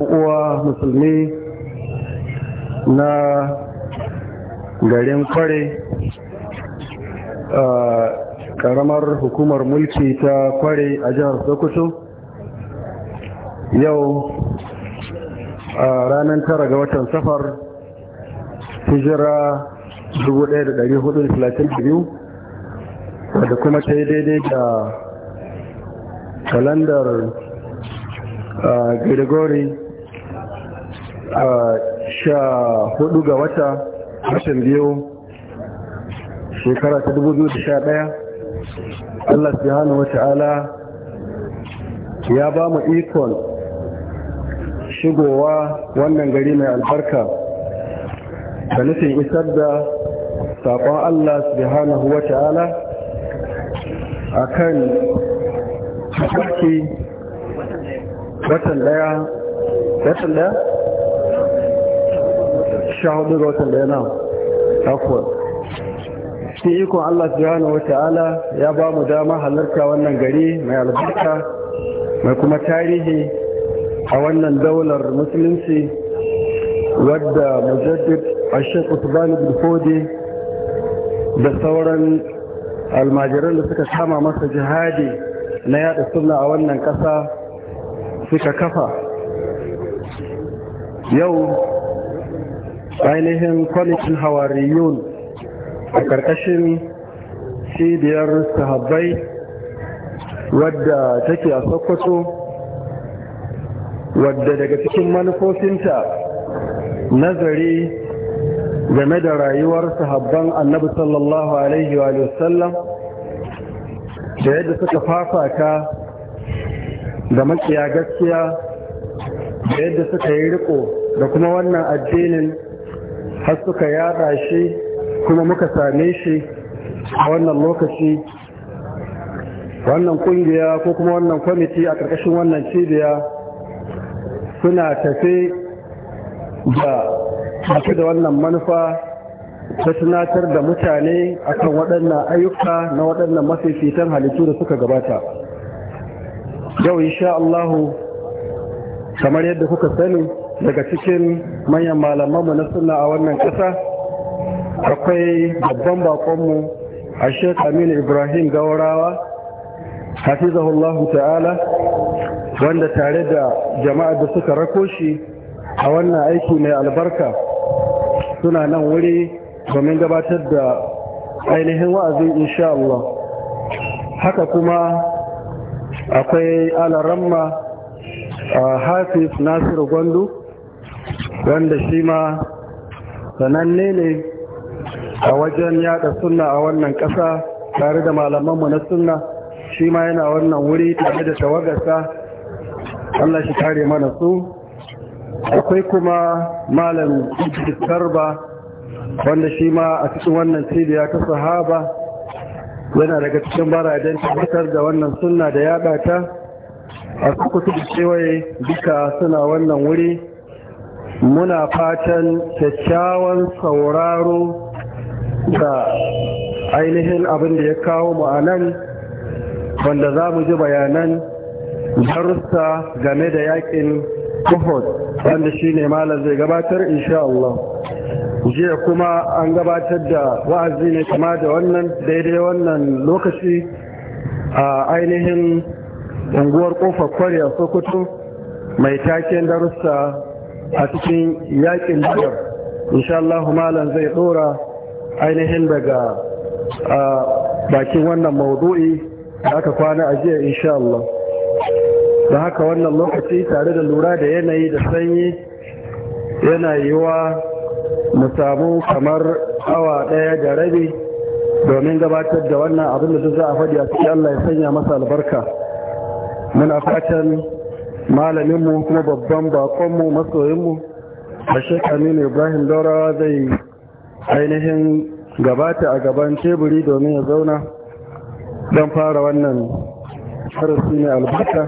uwa musulmi na garin kware a karamar hukumar mulki ta kware a jihar sokoto yau a ranar tara ga watan safar hijira 1432 wadda kuma ta yi daidai da kalandar uh, gregory uh, sha hudu ga wata watan biyu shekara ta dubu biyu da sha daya allah subhanahu wata'ala ya ba mu ikon shigowa wannan gari mai albarka da nufin isar da saƙon allah subhanahu wata'ala a kan tafarki watan daya watan daya sha ga watan daya na akwai shi ikon allah subhanahu ta'ala ya ba mu dama halarta wannan gari mai albarka mai kuma tarihi a wannan daular musulunci wadda mujaddid a shekutu bani da sauran almajiran da suka kama masa jihadi na yada suna a wannan ƙasa suka kafa yau ainihin kwalitin hawariyun a ƙarƙashin cibiyar sahabbai wadda take a sokoto wadda daga cikin manufofinta nazari game da rayuwar sahabban annabi sallallahu alaihi wa sallam da yadda suka fafata da makiya gaskiya da yadda suka yi riko da kuma wannan addinin har suka yada shi kuma muka same shi a wannan lokaci wannan kungiya ko kuma wannan kwamiti a ƙarƙashin wannan cibiya suna tafe da masu da wannan manufa ta tunatar da mutane akan waɗannan ayyuka na waɗannan mafifitan halittu da suka gabata yau insha Allahu kamar yadda kuka sani daga cikin manyan malamanmu na suna a wannan ƙasa akwai babban bakonmu a shek aminu ibrahim gawarawa hafizahullahu ta'ala wanda tare da jama'ar da suka rako shi a wannan aiki mai albarka suna nan wuri domin gabatar da ainihin wa'azin insha Allah haka kuma akwai alaramma hafiz nasiru gwandu wanda shi ma sananne ne a wajen yada sunna a wannan ƙasa tare da malamanmu na sunna shi ma yana wannan wuri tare da tawagarsa Allah shi kare mana su akwai kuma malam Idris Garba wanda shi ma a cikin wannan cibiya ta sahaba yana daga cikin baraden tabbatar da wannan sunna da yaɗa ta a kusa da cewaye duka suna wannan wuri muna fatan kyakkyawan sauraro da ainihin abin da ya kawo mu a nan wanda za mu ji bayanan darussa game da yakin uhud wanda shi ne malam zai gabatar insha Allah. jiya kuma an gabatar da wa'azi ne kama da wannan daidai wannan lokaci a ainihin unguwar kofar kwarya sokoto mai taken darussa a cikin yakin badar inshallah malam zai dora ainihin daga bakin wannan maudu'i da aka kwana a jiya inshallah da haka wannan lokaci tare da lura da yanayi da sanyi yana yiwa mu samu kamar awa ɗaya da rabi domin gabatar da wannan abin da za a faɗi a cikin Allah ya sanya masa albarka muna fatan malaminmu kuma babban bakonmu masoyinmu Ashe shekaminu ibrahim daurawa zai ainihin gabata a gaban teburi domin ya zauna don fara wannan harasi mai albarka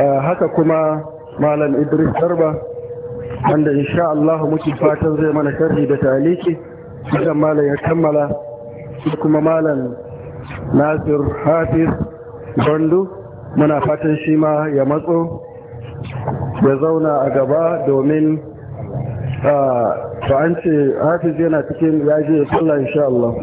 ah, haka kuma malam idris darba wanda insha Allah muke fatan zai mana sharhi da taliki idan malam ya kammala shi kuma malam Nasir Hafiz Bandu muna fatan shi ma ya matso ya zauna a gaba domin to an ce hafiz yana cikin yaje ya sallah insha Allah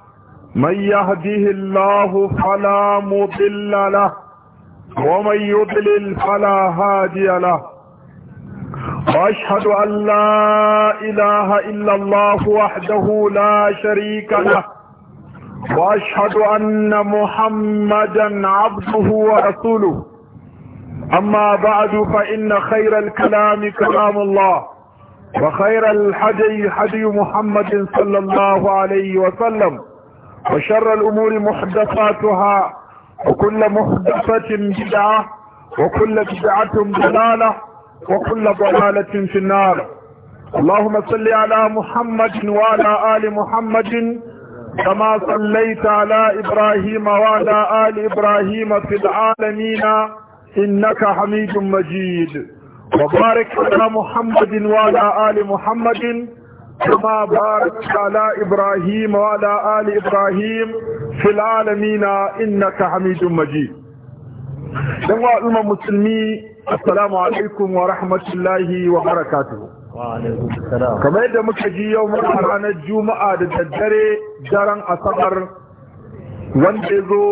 من يهده الله فلا مضل له ومن يضلل فلا هادي له واشهد ان لا اله الا الله وحده لا شريك له واشهد ان محمدا عبده ورسوله اما بعد فان خير الكلام كلام الله وخير الحدي حدي محمد صلى الله عليه وسلم وشر الأمور محدثاتها وكل محدثة بدعة وكل بدعة ضلالة وكل ضلالة في النار اللهم صل على محمد وعلى آل محمد كما صليت على إبراهيم وعلى آل إبراهيم في العالمين إنك حميد مجيد وبارك على محمد وعلى آل محمد كما باركت على إبراهيم وعلى آل إبراهيم في العالمين إنك حميد مجيد جمع المسلمي السلام عليكم ورحمة الله وبركاته kamar yadda muka ji yau muna ranar juma'a da daddare daren asabar wanda ya zo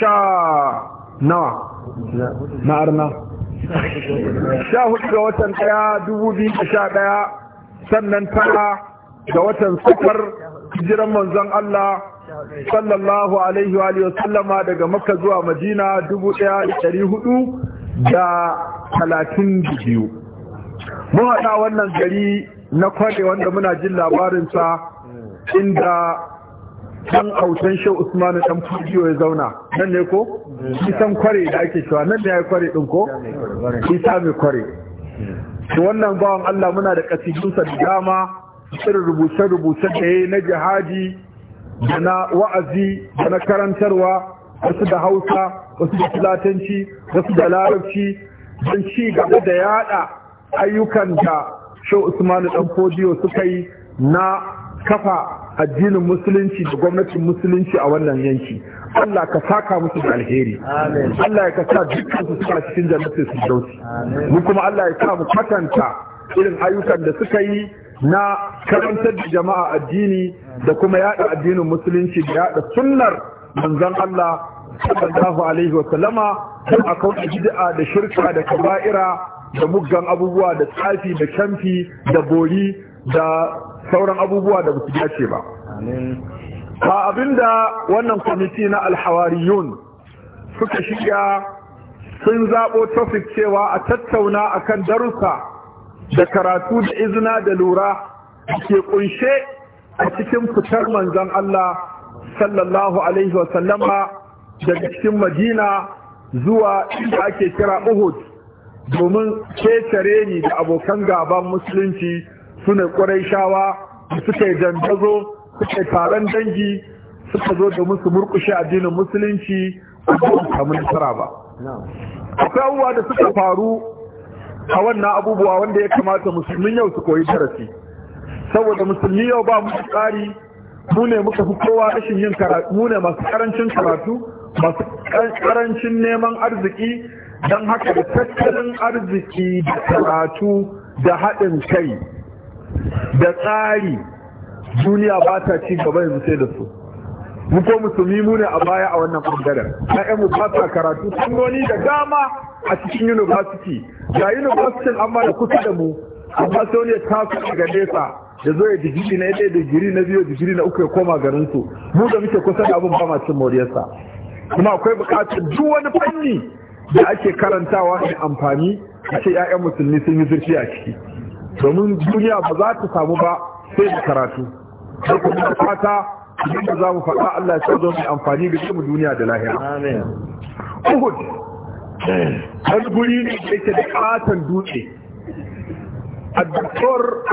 sha nawa na arna sha hudu ga watan ɗaya dubu biyu da sha sannan tara da watan safar jiran manzon Allah sallallahu alaihi wa alihi wasallama daga makka zuwa madina 1400 da talatin biyu. mun haɗa wannan gari na kwade wanda muna jin labarinsa inda dan autan shi Usman dan Fujiyo ya zauna nan ne ko? Isan kware da ake cewa nan ne ya kware din ko? Isa mai kware. shi wannan bawan Allah muna da kasidunsa da dama irin rubuce-rubuce da ya na jihadi da na wa'azi da na karantarwa wasu da hausa wasu da filatanci wasu da larabci don ci gaba da yada ayyukan da shau usmanu dan fodiyo suka yi na kafa addinin musulunci da gwamnatin musulunci a wannan yanki Allah ka saka musu da alheri Allah ya ka sa dukkan su suna cikin jannatin firdausi mu kuma Allah ya sa mu kwatanta irin ayyukan da suka yi na karantar da jama'a addini da kuma yada addinin musulunci da yada sunnar manzon Allah sallallahu alaihi wa sallama a kauce bid'a da shirka da kaba'ira da muggan abubuwa da tsafi da kamfi da bori da sauran abubuwa da basu dace ba ba abinda wannan kwamiti na alhawariyun suka shiga sun zaɓo topic cewa a tattauna akan darussa da karatu da izina da lura ke kunshe a cikin fitar manzon Allah sallallahu alaihi wasallama daga cikin madina zuwa inda ake kira uhud domin ketare ni da abokan gaban musulunci su ne ƙwarai shawa suka yi dandazo suka taron dangi suka zo da musu murkushe addinin musulunci a samun nasara ba akwai abubuwa da suka faru a wannan abubuwa wanda ya kamata musulmin yau su koyi darasi saboda musulmi yau ba mu tsari mu ne muka fi kowa rashin yin karatu mu ne masu karancin karatu masu karancin neman arziki don haka da tattalin arziki da karatu da haɗin kai da tsari duniya ba ta ci gaba yanzu sai da su mu ko musulmi mu ne a baya a wannan bangaren ƴaƴan mu ba sa karatu fannoni da dama a cikin university ga university amma da kusa da mu amma sai wani ya taso daga nesa da zo ya digiri na ɗaya digiri na biyu digiri na uku ya koma garin su mu da muke kusa da abin ba ma cin moriyarsa kuma akwai buƙatar duk wani fanni da ake karantawa mai amfani a ce 'ya'yan musulmi sun yi zurfi a ciki domin duniya ba za ta samu ba sai da karatu sai ku da fata idan da mu faɗa Allah ya sauzo mai amfani da mu duniya da lahira uhud har eh. guri ne da yake da ƙatan dutse a الدكتور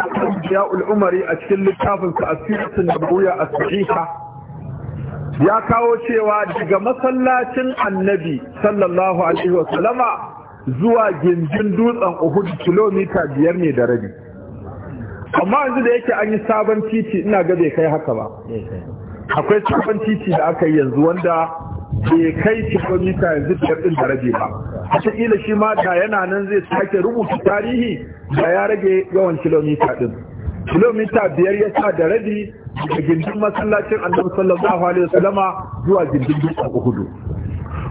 Ul'umari a cikin littafin sa a an-nabawiyya a sahiha ya kawo cewa daga masallacin annabi sallallahu alaihi wa sallama zuwa gindin dutsen Uhud kilomita biyar ne da rabi amma yanzu da yake an yi sabon titi ina ga bai kai haka ba akwai sabon titi da aka yi yanzu wanda bai kai kilomita yanzu biyar ɗin da rage ba kila shi ma da yana nan zai sake rubuta tarihi da ya rage yawan kilomita din kilomita biyar ya sa da rabi daga gindin masallacin annabi sallallahu alaihi wasallama zuwa gindin dutsen uhudu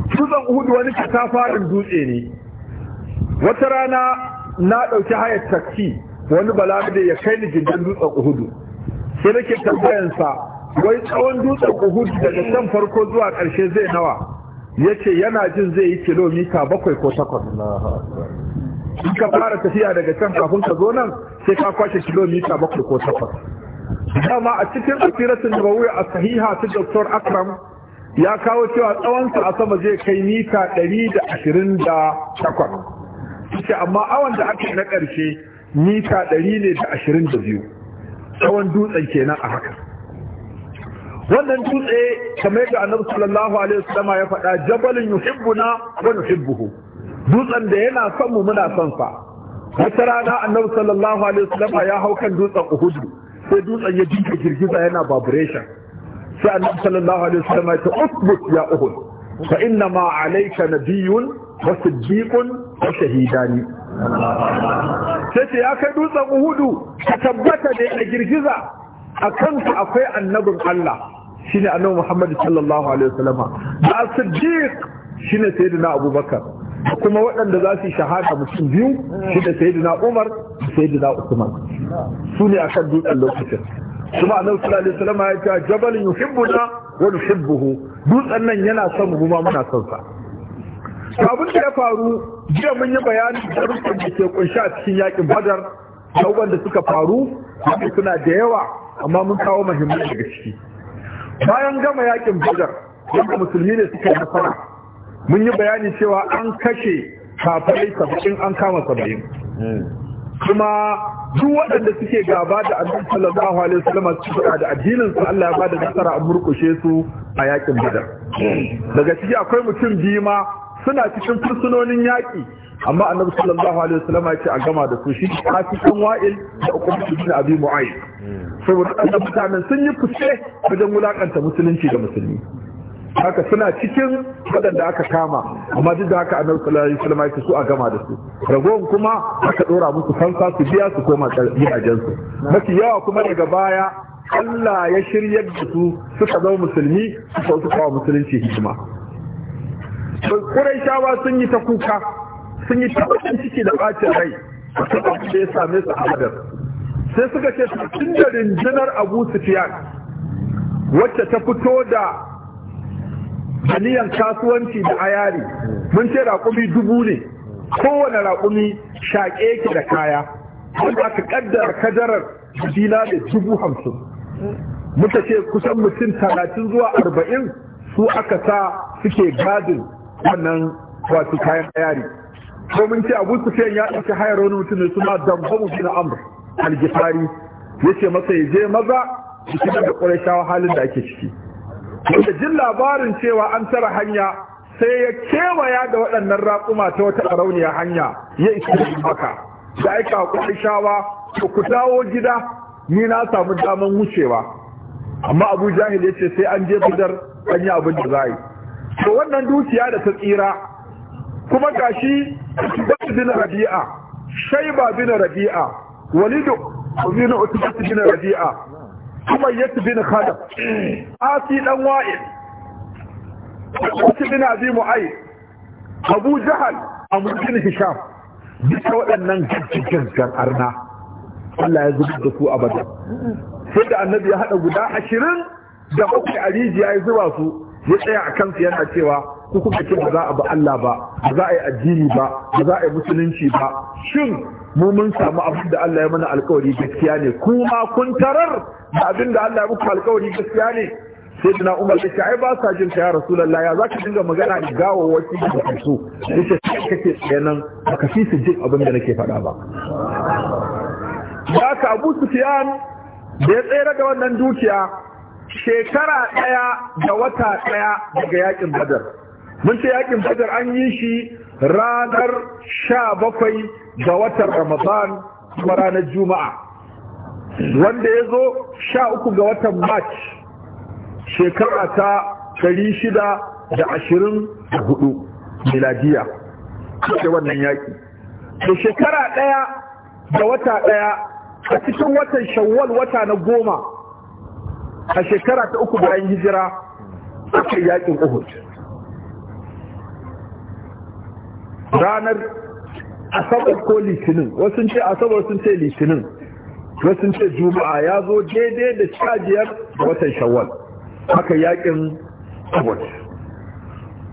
dutsen uhudu wani katafarin dutse ne wata rana na ɗauki hayar taksi wani ne ya kai ni gindin dutsen uhudu sai nake tambayansa wai tsawon dutsen uhudu daga can farko zuwa ƙarshe zai nawa ya ce yana jin zai yi kilomita bakwai ko takwas in ka fara tafiya daga can kafin ka zo nan sai ka kwashe kilomita bakwai ko takwas dama a cikin asiratun nabawi a sahiha ta dr akram ya kawo cewa tsawonsa a sama zai kai mita ɗari 128 ce amma awon da ake na ƙarshe mita ɗari ne da ashirin da biyu tsawon dutsen kenan a haka wannan dutse kamar yadda annabi sallallahu alaihi wasallam ya faɗa jabalin yuhibbuna wa nuhibbuhu dutsen da yana son mu muna son sa wata rana annabi sallallahu alaihi wasallam ya hau kan dutsen Uhud sai dutsen ya dinka girgiza yana vibration sai annabi sallallahu alaihi wasallam ya ce usbut ya Uhud fa inna ma alayka nabiyyun wa siddiqun wa shahidani sai ce ya kai dutsen uhudu ka tabbata da ya girgiza a kanka akwai annabin Allah shine annabi Muhammad sallallahu alaihi wasallama da shi ne shine sayyidina Abubakar kuma waɗanda za su shahada mutum biyu shi shine sayyidina Umar sayyidina Usman su ne a kan dutsen lokacin kuma annabi sallallahu alaihi wasallama ya ce jabalun yuhibbuna wa nuhibbuhu dutsen nan yana son mu ma muna son sa abin da ya faru jiya mun yi da rukun da ke kunshi a cikin yakin badar abubuwan da suka faru wanda suna da yawa amma mun kawo muhimman daga ciki bayan gama yakin badar wanda musulmi ne suka yi nasara mun yi bayani cewa an kashe kafirai saba'in an kama saba'in kuma duk waɗanda suke gaba da annabi sallallahu alaihi wasallam su fada da addinin su Allah ya bada nasara a murkushe su a yakin badar daga ciki akwai mutum biyu ma suna cikin fursunonin yaƙi amma annabi sallallahu alaihi wasallam ya ce a gama da su shi cikin wa'il da ukum ibn abi mu'ayyid saboda annabi mutanen sun yi fice wajen wulakanta musulunci da musulmi haka suna cikin waɗanda aka kama amma duk da haka annabi sallallahu alaihi wasallam ya su a gama da su ragowar kuma aka dora musu fansa su biya su koma gidajen su mafi yawa kuma daga baya Allah ya shiryar da su suka zama musulmi suka wasu kawo musulunci hikima Shawa sun yi ta kuka sun yi ta ciki da bacin rai sun abu ya same su a Badar sai suka ce tun da rinjinar Abu Sufyan wacce ta fito da aniyan kasuwanci da ayari mun ce raƙumi dubu ne kowane raƙumi shaƙe ke da kaya wanda aka ƙaddara kadarar dina da dubu hamsin muka ce kusan mutum talatin zuwa arba'in su aka sa suke gadin wannan wasu kayan ayari ko mun ce abu su ya ɗauki hayar wani mutum ne suna dambamu bin amur al ya ce masa ya je maza cikin da ƙurashawa halin da ake ciki wanda jin labarin cewa an tara hanya sai ya kewaya da waɗannan raƙuma ta wata ƙarauniyar hanya ya isa maka da aika ƙurashawa to ku dawo gida ni na samu daman wucewa amma abu jahil ya ce sai an je budar an yi abin da za yi to wannan dukiya da ta tsira kuma gashi Utbat bin Rabi'a Shaiba bin Rabi'a Walid bin Utbat bin Rabi'a kuma Umayyah bin Khalaf Asi dan Wa'il Utbat bin Abi Mu'ayyid Abu Jahal Amr bin Hisham duka waɗannan gaggagen arna Allah ya zubar da su abada sai da annabi ya haɗa guda ashirin da bakwai a rijiya ya zuba su ya tsaya a kansu yana cewa ko kuma ce ba za a ba Allah ba ba za a yi addini ba ba za a yi musulunci ba shin mu mun samu abin da Allah ya mana alkawari gaskiya ne kuma kun tarar da abin da Allah ya muku alkawari gaskiya ne sai dina umar ya ce ai ba sa jin ya rasulullah ya zaka dinga magana da gawo wasi da kansu yace sai kake tsayanan baka fi su jin abin da nake faɗa ba ya ka Abu Sufyan da ya tsere da wannan dukiya shekara ɗaya da wata ɗaya daga yakin badar mun ce yakin badar an yi shi ranar sha bakwai ga watan ramadan kuma ranar juma'a wanda ya zo sha uku ga watan march shekara ta ɗari shida da ashirin da hudu miladiya ce wannan yaki. da shekara ɗaya da wata ɗaya a cikin watan shawwal wata na goma a shekara ta uku bayan hijira aka yakin uhud ranar asabar ko litinin wasu ce asabar sun ce litinin wasu ce juma'a ya zo daidai da cajiyar da watan shawwal haka yakin uhud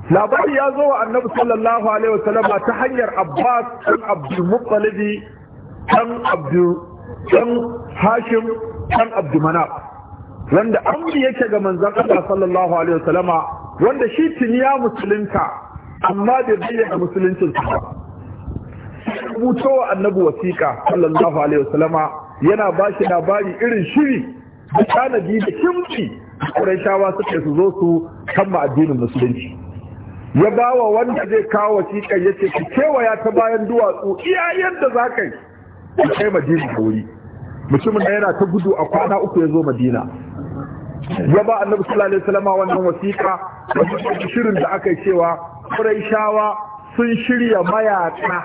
labari ya zo wa annabi sallallahu alaihi wasallama ta hanyar abbas ɗan abdulmuttalibi ɗan abdul ɗan hashim ɗan abdulmanaf wanda amri yake ga manzon Allah sallallahu alaihi wasallama wanda shi tuni ya musulunta amma bai bayyana musuluncin sa ba rubuto wa annabi wasiƙa sallallahu alaihi wasallama yana ba shi labari irin shiri da tanadi da kimci Qurayshawa suke su zo su kama addinin musulunci ya bawa wanda zai kawo wasiƙar yace ki kewaya ta bayan duwatsu iya yadda za ka yi kai madina da wuri mutumin yana ta gudu a kwana uku ya zo madina ya ba annabi sallallahu alaihi wasallam wannan wasiƙa shirin da aka cewa Qurayshawa sun shirya mayaka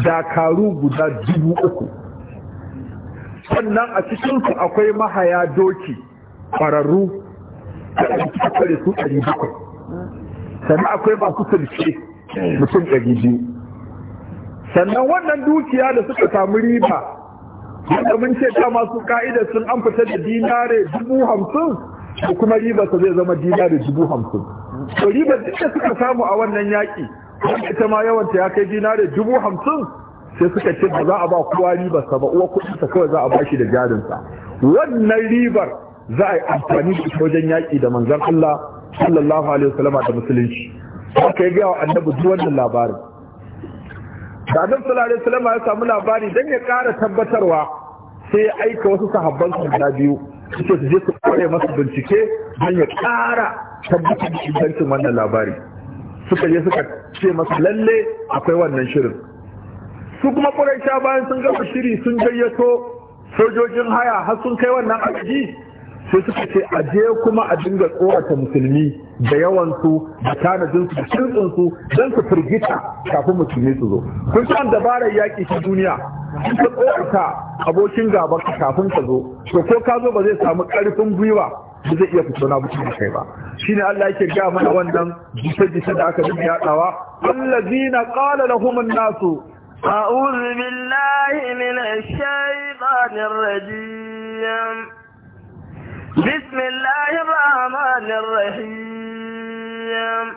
dakaru guda dubu uku sannan a cikin su akwai mahaya doki ƙwararru da kare su ɗari bakwai sannan akwai masu sulke mutum ɗari biyu sannan wannan dukiya da suka samu riba har mun ce ta masu ka'idar sun an fita da dinare dubu hamsin da kuma ribarsa zai zama dinare dubu hamsin to ribar duk da suka samu a wannan yaƙi ita ma yawanta ya kai dinare dubu hamsin sai suka ce ba za a ba kowa ribarsa ba uwa kuɗinsa kawai za a ba shi da jarinsa wannan ribar za a yi amfani da wajen yaƙi da manzan Allah sallallahu alaihi da musulunci haka ya gaya wa annabi duk wannan labarin da annabi sallallahu alaihi ya samu labari dan ya ƙara tabbatarwa sai ya aika wasu sahabban su da biyu suke su je su kware masa bincike don ya ƙara tabbatar da ingancin wannan labari suka je suka ce masa lalle akwai wannan shirin su kuma sha bayan sun gama shiri sun gayyato sojojin haya har sun kai wannan aji sai suka ce a je kuma a dinga tsorata musulmi da yawansu da tanadinsu da shirtsinsu don su firgita kafin musulmi su zo kun san dabarar yaƙi ta duniya in ka tsorata abokin gaba kafin ka zo to ko ka zo ba zai samu ƙarfin gwiwa ba zai iya fito na mutum da kai ba shine Allah yake ga mana wannan jita-jita da aka dinga yaɗawa allazina qala lahum an-nasu أعوذ بالله من shaytanir rajim بسم الله الرحمن الرحيم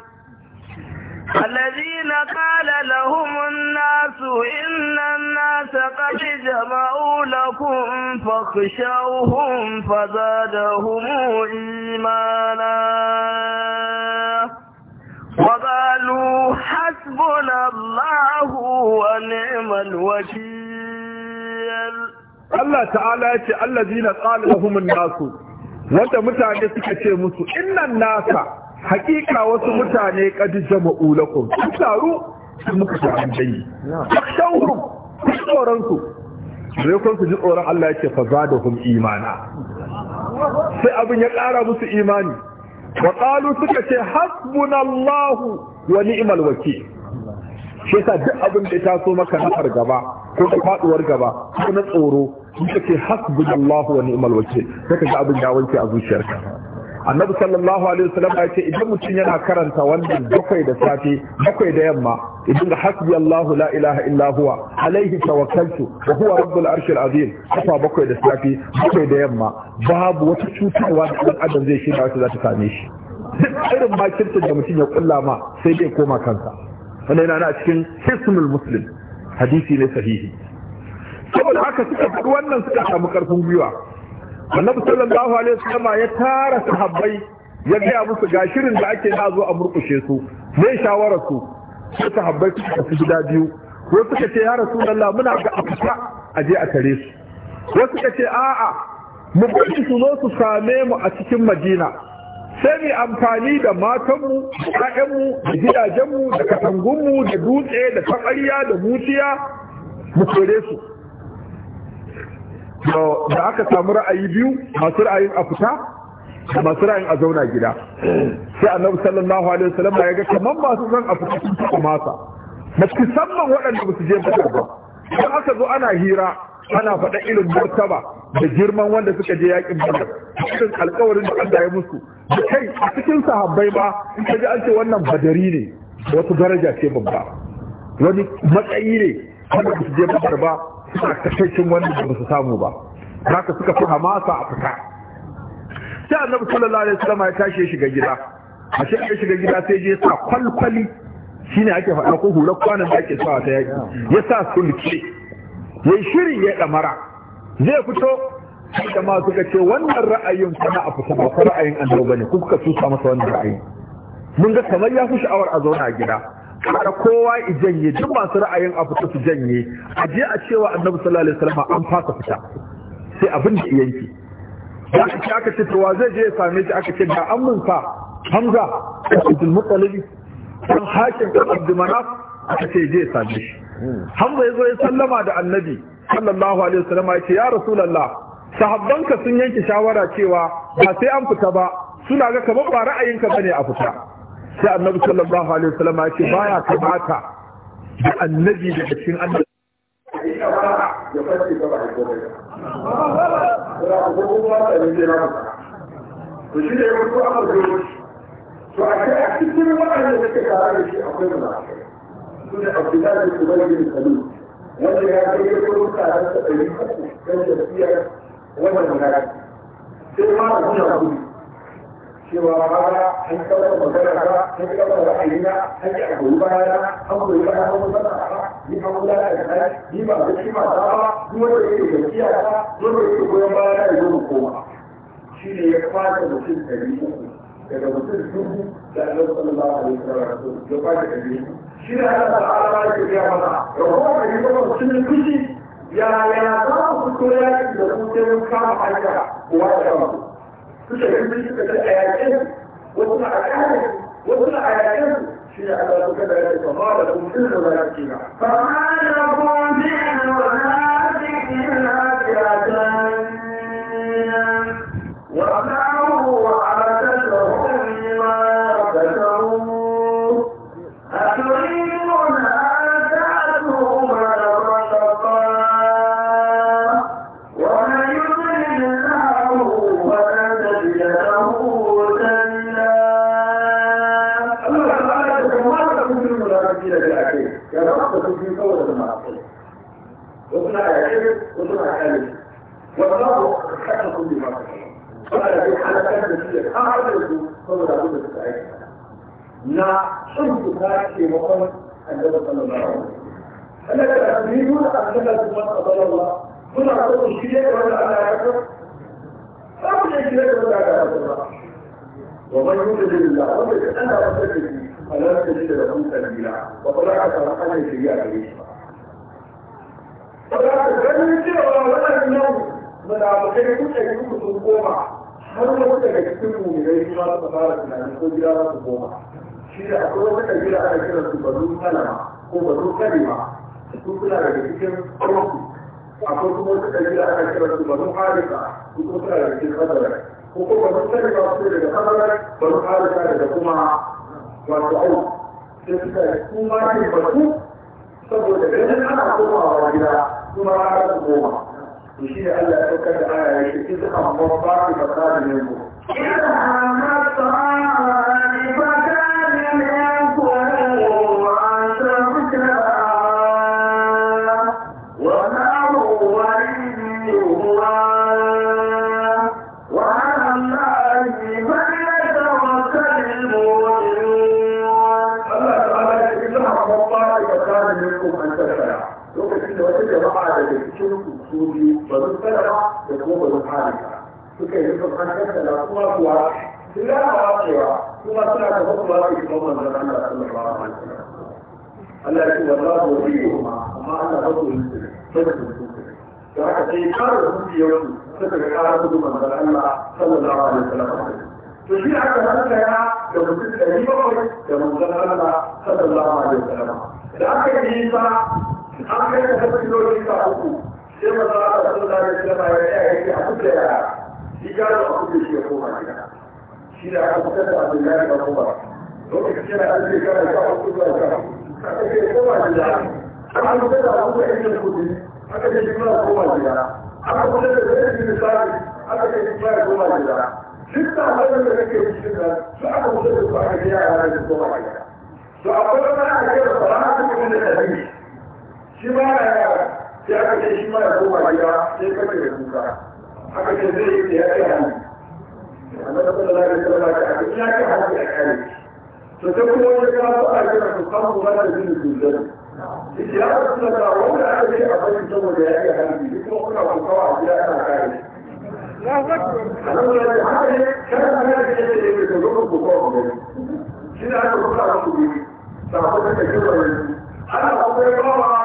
الذين قال لهم الناس إن الناس قد جمعوا لكم فاخشوهم فزادهم إيمانا وقالوا حسبنا الله ونعم الوكيل الله تعالى الذين قال لهم الناس wanda mutane suka ce musu innan nasa hakika wasu mutane kadi jama'u lakum su taru su muka taron dangi shauhum tsoron su rekon su ji tsoron Allah yake fa zadahum imana sai abin ya ƙara musu imani wa qalu suka ce hasbunallahu wa ni'mal wakeel sai sa duk abin da ya taso maka na gaba, ko da faduwar gaba ko na tsoro in ce hasbunallahu wa ni'mal wakil sai ka ga abin ya wanke a zuciyarka annabi sallallahu alaihi wasallam ya ce idan mutum yana karanta wannan bakwai da safe bakwai da yamma idan ga hasbi Allahu la ilaha illa huwa alaihi tawakkaltu wa huwa rabbul arshil azim kafa bakwai da safe bakwai da yamma babu wata cutarwa da dan adam zai shiga wata za ta same shi irin makircin da mutum ya kulla ma sai dai koma kansa wannan yana a cikin hisnul muslim hadisi ne sahihi saboda haka suka faɗi wannan suka samu karfin gwiwa annabi sallallahu alaihi wasallam ya tara sahabbai ya gaya musu ga shirin da ake na zo a murkushe su ne shawarar su sai sahabbai suka tafi gida biyu wasu suka ce ya rasulullah muna ga afita a je a tare su wasu suka ce a'a mu bari su zo su same mu a cikin madina sai mu amfani da matanmu da ƴaƴanmu da gidajenmu da katangunmu da dutse da taɓarya da mutiya mu kore su da aka samu ra'ayi biyu masu ra'ayin a fita da masu ra'ayin a zauna gida sai annabi sallallahu alaihi wasallam ya ga kaman masu zan a fita sun taɓa masa musamman waɗanda ba su je ba sai aka zo ana hira ana faɗa irin martaba da girman wanda suka je yakin badar cikin alkawarin da Allah ya musu da kai a cikin sahabbai ba in ka ji an ce wannan badari ne wata daraja ce babba wani matsayi ne wanda ba su je badar ba suna kashakin wanda ba su samu ba ka suka fi hamasa a fita sai annabi sallallahu alaihi wasallam ya tashi ya shiga gida a shi ya shiga gida sai je sa kwalkwali shine ake faɗa ko hular kwanan da ake sawa ta yaki ya sa sulke yayi shiri ya damara zai fito sai da masu suka ce wannan ra'ayin kuma a fita ba ra'ayin annabi bane kuka tusa masa wannan ra'ayi mun ga kamar ya fi sha'awar a zauna a gida kada kowa i janye duk masu ra'ayin a fita su janye a je a cewa annabi sallallahu alaihi wasallam an fasa fita sai abin da yanki da aka aka ce to wa zai je ya same shi aka ce ga an mun sa Hamza Abdul Muttalib dan hakim Abdul Manaf aka ce je ya same shi Hamza ya zo ya sallama da annabi sallallahu alaihi wasallam ya ce ya rasulullah sahabbanka sun yanke shawara cewa ba sai an fita ba suna ga kamar ba ra'ayinka bane a fita sai annabi sallallahu alaihi wasallam ya ce baya kamata da annabi da cikin annabi to shi da ya mutu a to a kai a cikin waɗanda suke tare da shi akwai da ba su ne abdullahi da ubangiji kalu wanda ya kai ya kuma mutanen sa ɗari uku don tafiyar wannan magana sai ma a nuna kuɗi cewa rana an kawo magana ba an kawo ra'ayina an yi abu bayana an koyi bayana an koyi bayana ni an kula da kai ni ba ga shi ta ba ni wanda yake da gaskiya ta ni wanda yake goyon bayana ya zo mu koma shi ne ya fara mutum ɗari uku daga mutum dubu da Allah sallallahu alaihi wasallam ya fara ɗari uku shi ne Allah ta'ala ya ce ya mana rabuwa da ni kuma mutum kushi ya ya za ku kula da mutum kama hanya wa وَمَا لَكُمْ فِي الْأَرْضِ وَلَا فِي السَّمَاءِ فَمَا لَكُمْ فِي الْأَرْضِ وَلَا فِي السَّمَاءِ فَمَا لَكُمْ فِي الْأَرْضِ وَلَا فِي السَّمَاءِ فَمَا لَكُمْ فِي الْأَرْضِ وَلَا فِي السَّمَاءِ فَمَا لَكُمْ فِي الْأَرْضِ وَلَا فِي السَّمَاءِ فَمَا لَكُمْ فِي الْأَرْضِ وَلَا فِي السَّمَاءِ فَمَا لَكُمْ فِي الْأَرْضِ وَلَا فِي السَّمَاءِ فَمَا لَكُمْ الْأَرْضِ وَلَا فِي السَّمَاءِ فَمَا لَكُمْ الْأَرْضِ وَلَا فِي السَّمَاءِ فَمَا لَكُمْ an haɗa su saboda abin da suka aiki na shin su ta taimakon annabi sallallahu alaihi wasallam Allah ya tafi ni dole a cikin su ma sallallahu kuna so ku shirye da wanda Allah ya kafa ba ku ne shirye da wanda Allah ya kafa wa man yudillillah wanda ya tsanda wanda ya kafa فلا تجد لهم سبيلا وطلعت رقم الشريعة ليش فلا تجد لهم سبيلا ولا تجد لهم من عبقين كل شيء يكون har wasu daga cikin mummunai su ma su fara tunanin ko gida za su koma shi da akwai wata kabila ana kiran su bazu salama ko bazu kalima su suna daga cikin rosu akwai kuma wata kabila ana kiran su bazu harika su suna daga cikin hadarar ko ko bazu kalima su daga hadarar bazu harika daga kuma wato au sai suka kuma ne bazu saboda ganin ana komawa gida kuma su koma to da Allah ya saukar da aya yake cikin amma ba ku fasadi halitta suka yi sun an tattala kuma kuwa sun gaba cewa kuma suna da hukumar da kuma manzon Allah sallallahu alaihi wasallam Allah ya ce wallahu waliyuhuma amma Allah ba su yi sai su da haka sai kar da zuciyarsu suka ga kara su manzon Allah sallallahu alaihi wasallam to shi aka hankaya da mutum ɗari bakwai da manzon Allah sallallahu alaihi wasallam da aka yi nisa an kai da kasilolinsa uku sai maza Allah sun da shi ba ya ya yake a kuka yara shi ga da kuka shi ya koma gida shi da aka kuka da abin ya ga koma lokacin da aka kuka da aka ya da aka kuka koma gida an kuka da kuka yake kudi aka ce shi ma koma gida aka kuka da zai yi misali aka ce shi ya. koma gida duk da halin da kake cikin nan su aka kuka da su aka gida a ranar koma gida to akwai wani a kai da fara aka kuka da shi ma ya yara sai aka ce shi ma ya koma gida sai ka ce kuka aka ce zai yi da ya kai hannu amma da kuma zai kama da aka ya kai hannu ya kai to sai kuma wani kama su a kira su kama kuma da jini su zai Iki ya kasu da ta wanda aka ce a bayan saboda ya kai hannu duk kuma kuna kukawa a gida ana kai Shi ne aka kuka a su biyu, sakon da ke kewaye. Ana kuma ya kawo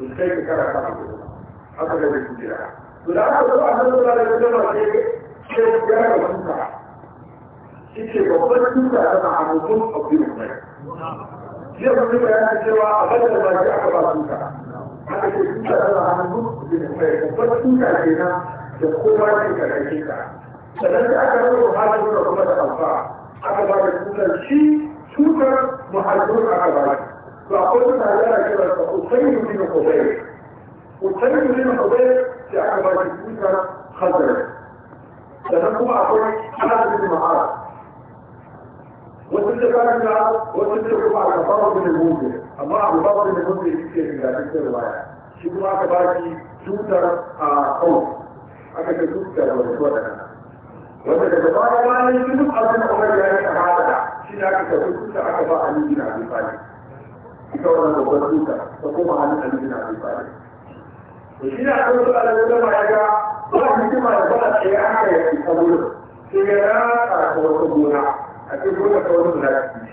in kai ka kara kan abu haka da bai kujera to da aka zama hannun da da zama sai sai ya ga mutunta shi ke babban tuta da mahamudun abu ne jiya mun riba yana cewa a bada ba shi aka ba tuta haka ke tuta da mahamudun abu ne babban tuta kenan da kowa ne ka kai ka sannan da aka rasa hajjin da kuma da alfa aka ba da tutar shi tutar muhajjin aka ba shi فأخذنا ذلك أسيد من حبيب أسيد من حبيب في عقبات السنة خزرة لأنه أقول أنا بن معاذ وتلك كان وتلك مع البابا بن المنذر أما البابا بن المنذر يكفي من ذلك الرواية شكرا عقبات توتر أو أكثر توتر وتوتر wanda daga baya bayan duk abin da kuma ya yi shahada shi ne aka tafi kusa aka ba Ali bin Abi Talib ita wannan babbar duka ta kuma hannun Ali bin Abi Talib to shi na kan su da ma ga ba hikima da ba tsaye haka ya ci ta wurin sai ya rasa ta wata gona a cikin gona ta wani lafi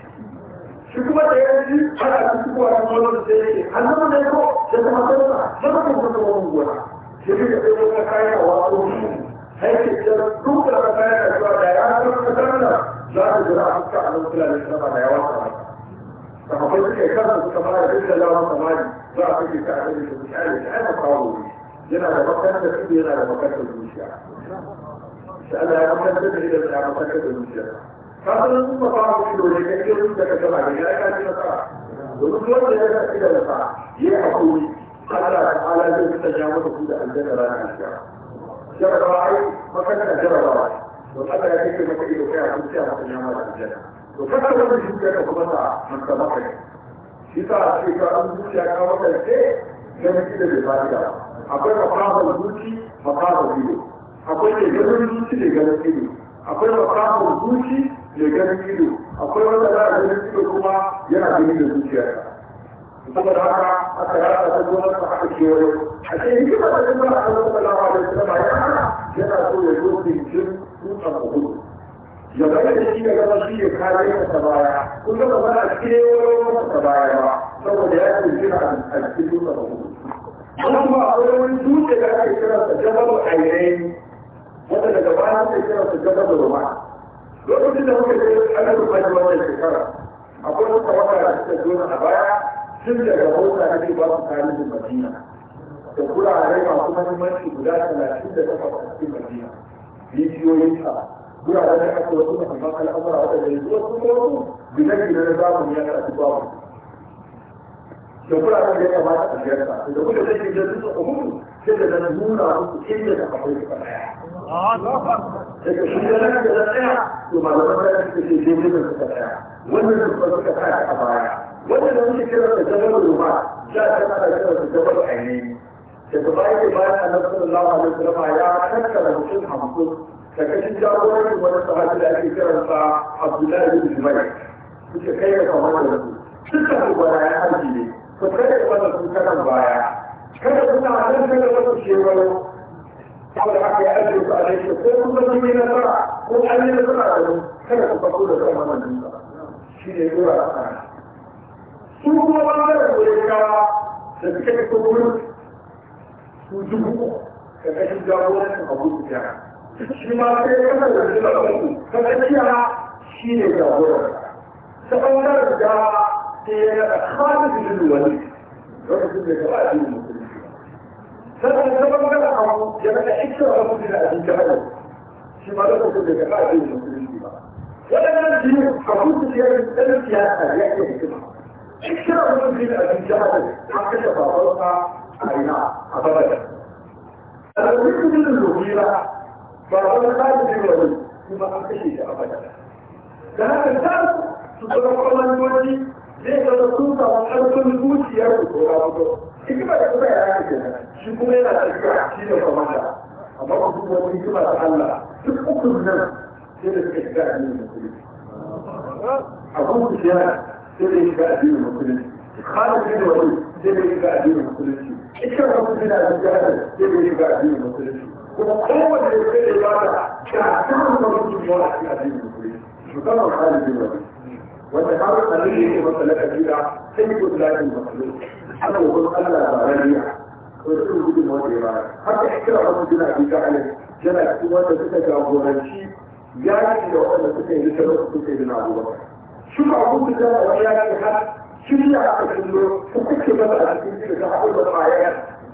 shi kuma da ya ji har a cikin kowa ta wani da ya ce an zama da ya ko ya zama sauka ya zama kuma ta wani gona shi ne da ɗaya wani kayan a wasu aiki da duk da kayan da ya zama da ya da za su jira a fuska a lokacin da ya zama لما كنت شايفها مستمرة جدا لو انا طبعا ضعت في تعبير مش عارف انا قوي لما بفكر في انا بفكر في المشاعر سأل انا بفكر في انا بفكر في المشاعر فاضل المطاعم في الوجهات كده انت كتبع لي انا كان في مطاعم ومطلوب لي انا كده مطاعم يا اخوي على على ذلك تجاوز كل الجنة لا نشاء جرى راعي ما كان جرى راعي وحتى يكتب مكيد وكان كل شهر في الجنة to kasa wani zuciya ka kuma sa manta maka ne shi sa ce ka an zuciya ka maka ce ga miki da bai fa'ida akwai makarar zuci makarar ido akwai ne ganin zuci ne ganin ido akwai makarar zuci ne ganin ido akwai wanda za a ganin ido kuma yana gani da zuciyarka saboda haka aka yada ta zuwa ta haka kewaye a ce yi kima da kuma a kan sallallahu alaihi ya hana yana so ya zo bincin dutsen uhudu gaba da shi gaba shi ya kare masa baya kun ga ba a kewayo masa baya ba saboda ya ce kira a cikin dutsen ba kuma a wani wani dutse da ake kira sa jabalu ainihi wanda daga baya ake kira sa da roma lokacin da muka je ana rufa da wannan shekara akwai wata wata da suka zo a baya tun daga bauta na ke ba su tarihin madina da kurare masu mahimmanci guda talatin da takwas a cikin madina bidiyoyin zuwa wajen ake kuma muhimman al'amura waɗanda yanzu wasu wasu gine-gine na zamani ya karatu babu da kuraren da ya kamata a ziyarta da na zai gina su su umu sai da zan nuna musu inda da akwai su ɗaya a shugaban da zan tsaya to malaman da suke ke je mutum suka tsaya wannan su kuma suka tsaya a baya wannan da muke kira da jabar ruba za a tana da kira da jabar ainihi daga baya ke bayan annabi sallallahu alaihi wasallam ya tattara mutum hamsin daga cikin jagorancin wani sahabi da ake kiran sa Abdullahi bin Zubair suke kai da kamar da su suka su gwada ya haji ne su kai da wannan su kada baya kada suna nan sai da wasu shekaru saboda haka ya ajiye su a nan shi ko kuma sun yi nasara ko an yi nasara da su kada su fako da kan wannan dinsa shi ne zuwa su kuma ɓangaren da ya kawo da suke kai kogon su dubu ka kashin jagorancin abu su kyara shi ma sai ya kasance da uku ta tsakiya shi ne jagoran ta ɓangaren dama sai ya naɗa wani bin walid lokacin da ya taɓa addinin musulunci sannan ta ɓangaren abu ya naɗa ikrar abu bin abin jahal shi ma lokacin da ya taɓa addinin musulunci ba waɗannan biyu abu su ya yi ɗan siyasa ya ke hikima ikrar abu bin abin jahal an kashe babansa a ina a babata. al ba wani ɗalibi ba ne kuma an kashe shi abada da haka kan su zama kwamandoji zai zama sun samu ƙarfin zuciyar su ko ramuto hikima da kuma yana ake shi kuma yana tafiya shi ne kwamanda amma ba kuma wani hikima da Allah duk ukun nan sai da suka shiga a addinin musulunci a kuma su shiga sai da shiga a addinin musulunci khalid bin walid sai da shiga a addinin musulunci ikirma bin abi jahl sai da shiga a addinin musulunci وقوة للفعل الواقع كاعتبر الموجود في الواقع في هذه المسؤولية مقرر الحالة دي الواقع والتحرك الذي يجب مثلا كبيرة سيكون ذلك المخلوق أنا وقلت ألا غنية ويكون وجود المواد إيرانية حتى حكرة رمض جنة أبي جعل جنة أكتوات تتجع بورانشي يعني لو أن تتجع كنت تتجع أبو بكر شوف عبود الجنة وياك حد شو اللي عقل كنت وكتب مثلا في الجنة حقول بطرعيات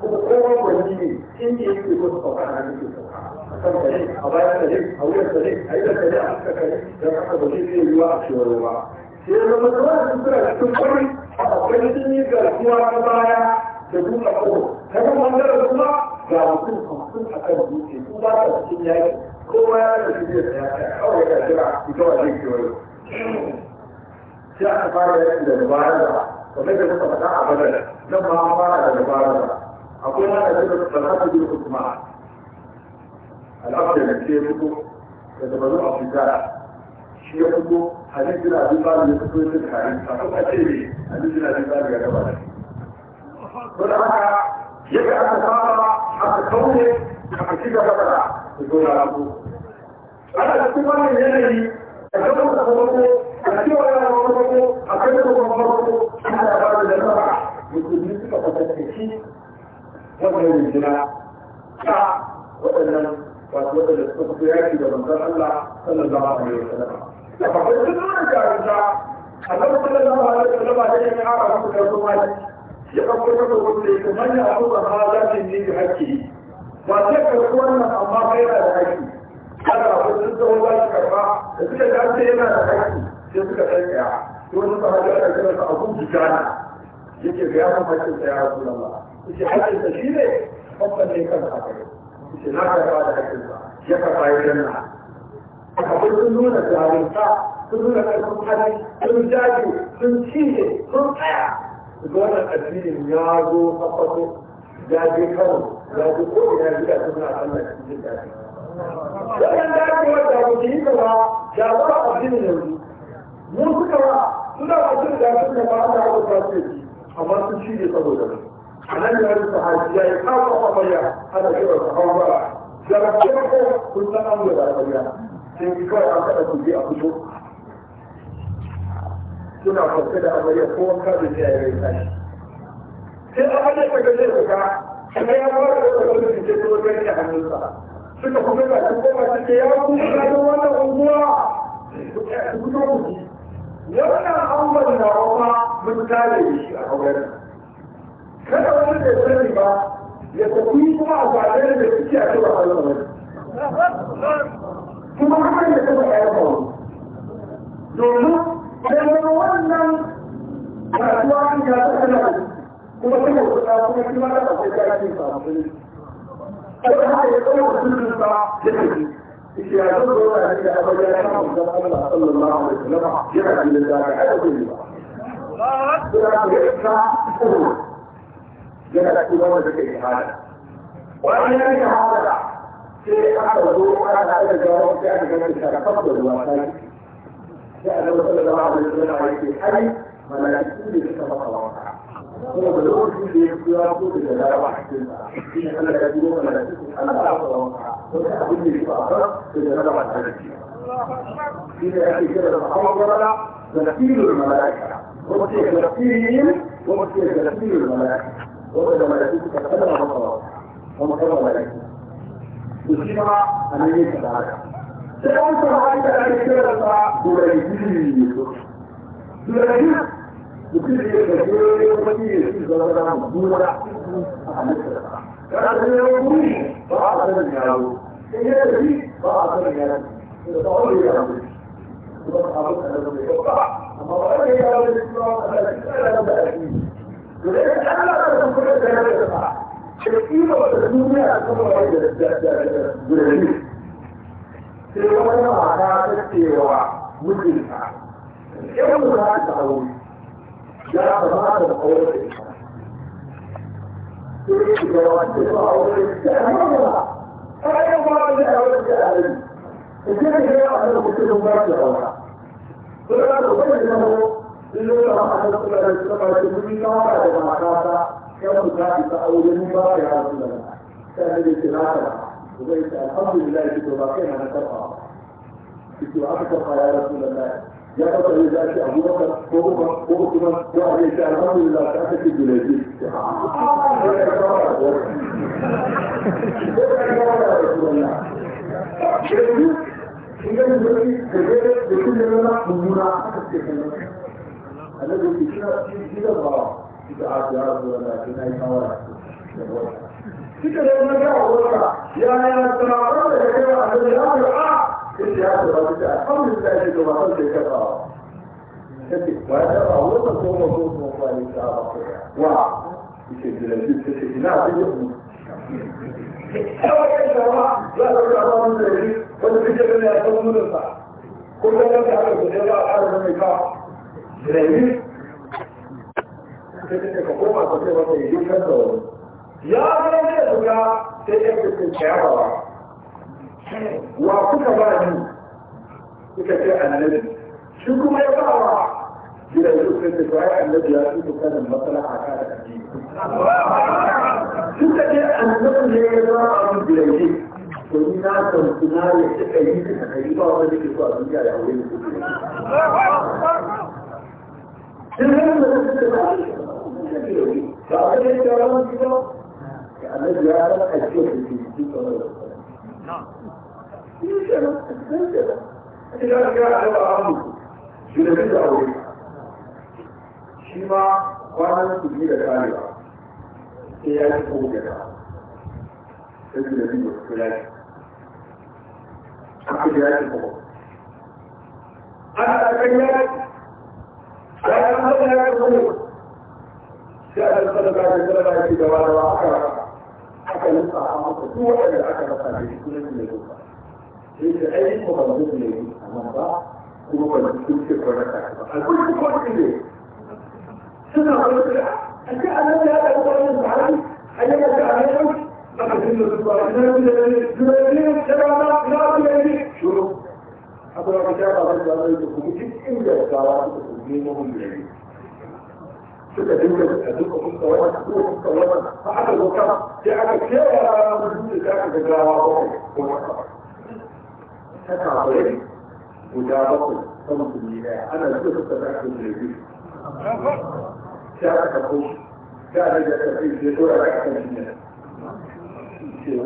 kuma kowa wani ne in da yake ko sauka a hannun ke sauka a kan a bayan kare a wuyan kare a yi da kare a suka kare don haka ba zai iya yiwa a cewar ruwa sai ya zama da wani sun cikin kwari akwai sun yi garkuwa na baya da duka ko ta kan bangaren kuma ga mutum hamsin a kan dutse su ba ta cikin yaki kowa ya da shi zai tsaya kawai ya jira ita wa zai ke wani sai aka fara yaki da dabara da kamar da kuka faɗa a badar nan ma fara da dabara da akwai hana shi da barhaka bin usman al'abda da ke fito daga bazan afirka shi ya fito hadis bin abi talib ya fito yin kare a kuma ce ne hadis bin abi talib ya gaba da shi don haka yadda aka saba aka kaune aka ci gaba da fito da rabu ana cikin wannan yanayi a kan wata farko a wannan rundina ta waɗannan wato waɗanda suka fito yaki da manzon Allah sallallahu alaihi wasallam da ba kai duk wannan jarumta Allah sallallahu alaihi wasallam da yake ara da kuma ya kafa kafa wanda yake manya abu ma za ta yi hakki ba sai ka wannan amma kai da hakki kada ku sun zo ba shi karba da suka dace yana da hakki sai suka tsaya to wani sahabi da kansa abu bijana yake ga ya mamaki sai ya rasulullah kuke halinta shi ne babban ne kan haka kuke na karfa da hakinsa ya karfa ya janna akwai sun nuna jarumta sun nuna ƙarfin hali sun jaje sun cije sun tsaya ga wannan addinin ya zo kafato ya je kano ya je ko ina gida suna sallah cikin daji wannan dacewar da muke yi gaba jagorar addinin yanzu mun suka ba suna wasu da sun da ba a da aka kwace amma sun cije saboda mu أنا لا أستحي لا يخاف أخويا ko da ta yi rai sai da ke kuma ba kuma wannan unguwa kuma wannan an wani na mun tare da shi a kawai kada wani da ya sani ba ya tafi kuma a zaɓen da suke a cewa kuma haka ne kuma ya yi domin idan wannan kasuwa an ya ta kana kuma kuma kuma kuma kuma ta tafi ta yi ta kuma haka ya tsaye wa sunan ba ya tafi Ishe ya zo zo da ya ta ya ta mu da Allah sallallahu alaihi wasallam ya ta da ya ta ya ta ya ta yana da kuma wanda ke shahada wani ya yi shahada sai aka zo ana da aka gawo sai aka gawo shi aka fara da ruwa sai sai a zama da zama da zama ya ce ai malaiku ne suka fara wata kuma da lokacin da ya kura ko da jaraba a cikin sa shi ne Allah ya dubo malaiku Allah ya fara wata to sai abin da ya fara da jaraba ta da shi shi ne ake kira da muhammadu da nafilul malaika ومسيح الغفير ومسيح الغفير الملائكة وإلى ملكوت تتكلم بصرا ومقر ملكوت يصيبها أن يتبعها سألت رأيت أن يتبعك بريدين بريدين يمكن أن يتبعك وكثير في زلمة دورة كان يقول بعض الرجال يجري بعض الرجال يتعول يا رب وقد أردت أن أدرك أما وقد يجعل الإسلام على الإسلام لأن أنا لا أقول لك أنا لا أقول القيمة والتسمية أكبر من سيوة معنا سيوة مدينة يوم لا تعود جاء بعض القول Thank you. duk da haka an kuma da suka ba shi mun ka ba da matata kan mu ta isa aure mun ba ya rasu da sai da ke lafiya to bai ta alhamdulillah ki to ba kai na ta ba ki to aka ta ya rasu da ya ka sai da shi Abu Bakar ko ko ko kuma ko a ce alhamdulillah ta ta ki gilaji Thank you. annabi ke kira cikin gidan ba suka a ya rasu da lafi na yi shawara da wata suka da na ga wata ya yi na tsarafar da ya kai wa annabi ya ce a yake ya ce ba su ce alhamdulillah ya ce ba san ke kafa ta ce ba ya taɓa wata ko ma ko kuma ba ta ba wa yake jira shi ta ce ina ta yi mu kawai ya ce ba za ka ga wani da yi wani suke da ya san nunansa ko da ya ce haka da ya kawo ya zama da suka sai ya fi sun kyawawa wa kuka ba ni suka ce annabi shi kuma ya ba wa gidan su sun tafi ai annabi ya fi dukkanin matsala a kada kaji suka ce annabi ne ya ba a yi gidaje to ni na san suna ya suka yi suka yi ba wani da ke so a duniya da aure ne فأنا الكلام كده الذي يعلم الشيخ في الدين نعم ليش أنا أتسلسل إذا كان على عمرو شنو بدأ أقول شيما وانا تجيب الكلام هي الحقوق كده سيدنا النبي فلاش حق الحقوق أنا أتكلم bayan haka ya kasu sai a da sadaka da sadaka ke gaba da aka aka nufa a masa duk waɗanda aka rasa da shi sunan ne rufa sai ta ai ko ban zuwa ne amma ba kuma ban cikin ce ko rasa ba alƙur'ani ko ne suna wani a ce a nan ya ɗauka wani zahari a yi masa a nan yau aka dinga zuwa ina ne da ne da ne da ne da ne da ne أقول لك أنا أرجع رأيتكم جد إلا كوارثكم دينهم إليه كده دولة أدوكم مستوى أدوكم مستوى فحتى الوكالة جاء كثيرا من دون ذلك بجاوة كان عليه مجابة صمت الإله أنا لم أكن أتبعك من الجيش جاء كبوش جاء لجاء في الجيشورة لك أحسن من الناس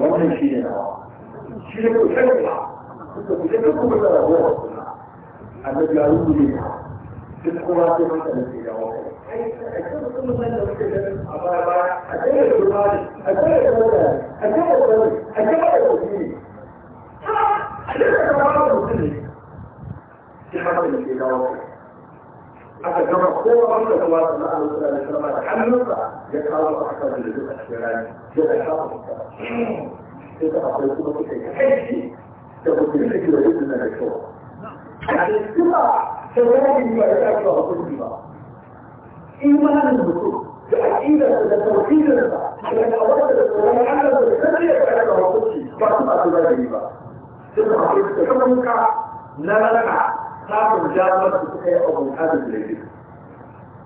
ومن شيئا شيئا شيئا suka fi kuma da kuma a kan mutum da a baya baya a da a da a da a da a da da da ya a kan a تكون الفكرة جدا مشهورة يعني الثقة تزوج وأشاكة وكلها إيمان النصوص العقيدة التوحيد لأن أولا الإسلام على السرية فعلا وكلها فأصبح تبادلها ثم حقيقة تكون لا لمع صعب الجامعة تتحيى أو من هذا الجديد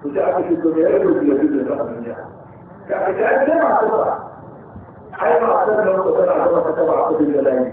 وجاءت في الدنيا يجب في يجب الرقم منها كأحكاية لما أصبح أيضا أصبح لو تتبع الله تتبع قبل الله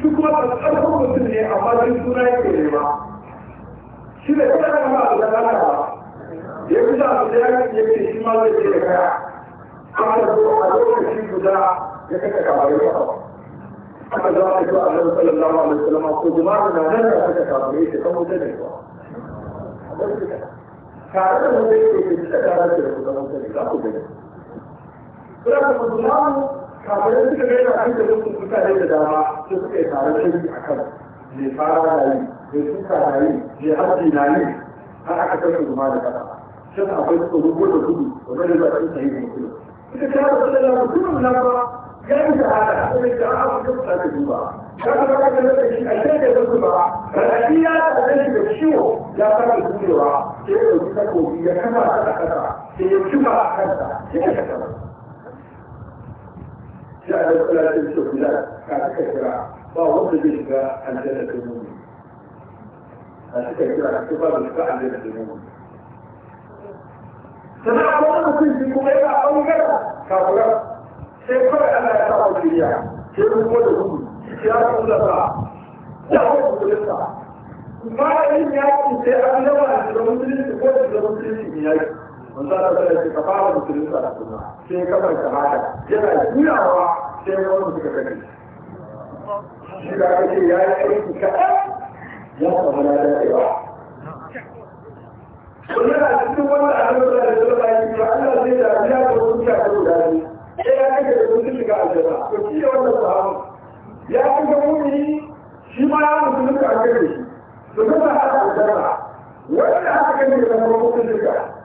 shi kuma ƙarƙarfin mutum ne amma shi suna yake ne ba shi da kuma kan ba da zama ba ya fi sa su ya ya ce shi ma zai ce da kaya zo a lokaci guda ya kaka kamar yau ba zama a zuwa annabi sallallahu alaihi wasallam ko jama'a na nan da kaka kamar yau ta kawo ta ne ba tare da wanda yake da da shi da tare da shi da tare da wanda yake da shi kafin suka kai da an da wasu da dama sai suka yi tare da shi a kan je fara na yi je suka yi mai hajji na yi har aka kashe guma da kasa shan akwai suka rubo da gudu wanda da zaɓen sayi da mutum suka ta da suka lafi gudun nan ba ya yi shahada da suka ta duba ya ta ba ka da shi a shi da zasu ba raɗaɗi ya ta da shi da ciwo ya ta da gudewa sai da wuta kogi ya kama a kasa sai ya cima a kansa sai ya kasa sai a yau kula da su kula ka suka kira ba wanda zai shiga aljanna da mu a suka kira su ba da shiga aljanna da mu sannan a wani mutum shi kuma yana ɓangaren kafura sai kawai Allah ya sa sai ya ko ya yi manzara da yake ka fara musulmi da kuma sai ka bar shahada yana juyawa sai wani suka kake shi da ce ya yi aiki kaɗan ya samu na daɗewa kun yana cikin wanda a nan da zai zama yi ba Allah zai da ya ga wasu ya ga guda ne ya kake da sun shiga aljanna to shi ne wannan sahabu ya kake mumini shi ma ya musulunta a kake shi to kuma haka aljanna wanda aka kake da kuma musulunta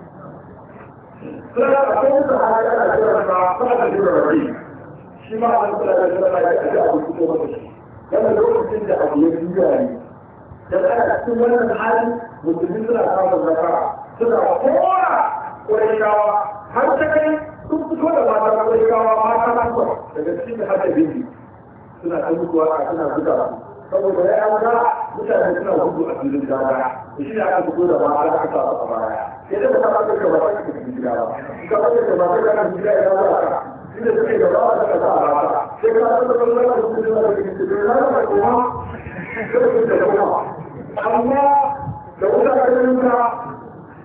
sai ka kuma da jiran rabi shi ma an a jiran abu da abu ya juya ne da suna samun nasara suna kowa ƙwarishawa har ta kai sun da mata ƙwarishawa mata na daga cikin suna ta mutuwa suna buga su saboda ya ga mutane suna gudu a filin da shi ne aka fito da ba aka aka a baya sai da ta fara da ba ta cikin gida ba ka fara da ba ta kana gida ya ba ka shi da suke da ba ta ka ba sai ka fara da ba ta cikin gida da cikin gida da kuma sai da kuma amma da wuta ka yi ka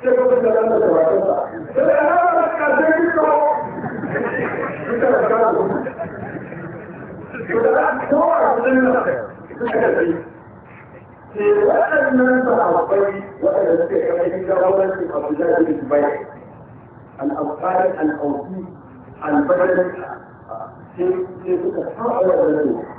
sai ka fara da ba ta ba ta sai da ka ka sai ka Thank you. وأنا أعطي وأنا أستحق أن يرون في قبلات البيع الأوقات الأوقيت البلد في في تتحرك على البلد